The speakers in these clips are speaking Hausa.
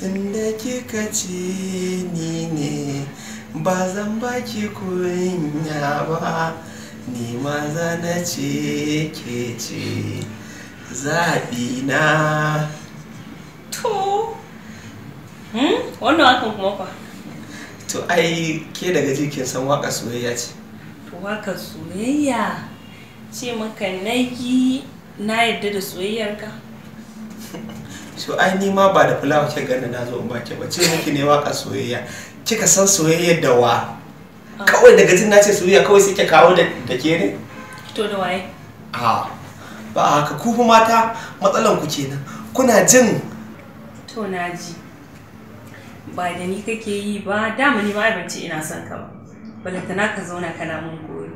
tunda kika ce ni ne ba zan baki kunya ba ni maza na ce ke ce zaɓi na to hmm? wannan wakan kuma kwa? to ai ke daga jikin san waka soyayya ce to waka soyayya ce maka nagi na yarda da soyayyarka so ai ni ma ba da fulawa ce ganda na zo ba ce ba ce miki ne waka soyayya kika san soyayya da wa ah. kawai daga jin na ce soyayya kawai suke kawo da ke ne to da waye a ba haka ku kuma mata matsalan ku kenan kuna jin to na ji ba da ni kake yi ba dama ni ba ban ce ina son ka ba balantana ka zauna kana mun gori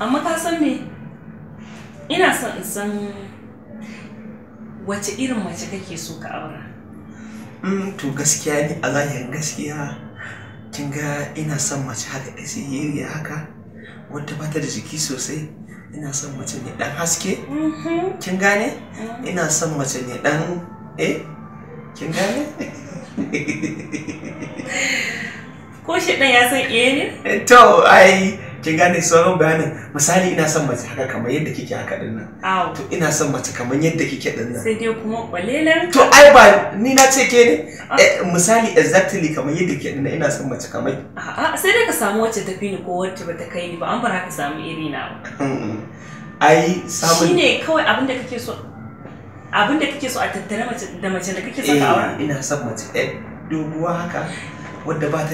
amma ka san me ina son in san wace irin mace kake so ka aura mm, to gaskiya ni a zahirin gaskiya kin ga ina son mace haka asiririya eh, haka wadda ba ta da jiki sosai ina son mace ne dan haske mm-hmm. kin gane mm. ina son mace ne dan eh kin gane ko shi dan ya san iye eh ne to ai kin gane sauran bayanin misali ina son mace haka kamar yadda kike haka din nan to ina son mace kamar yadda kike din nan sai dai kuma kwalelan to ai ba ni na ce ke ne ah. eh, misali exactly kamar yadda kike din nan ina son mace kamar a'a sai dai ka samu wacce tafi ni ko wacce bata kai ni ba an bar haka samu iri na ai samu shine kawai abin da kake so abin da kake so a tattare mace da mace da kake so ka aure eh, ina son mace eh, doguwa haka wadda ba ta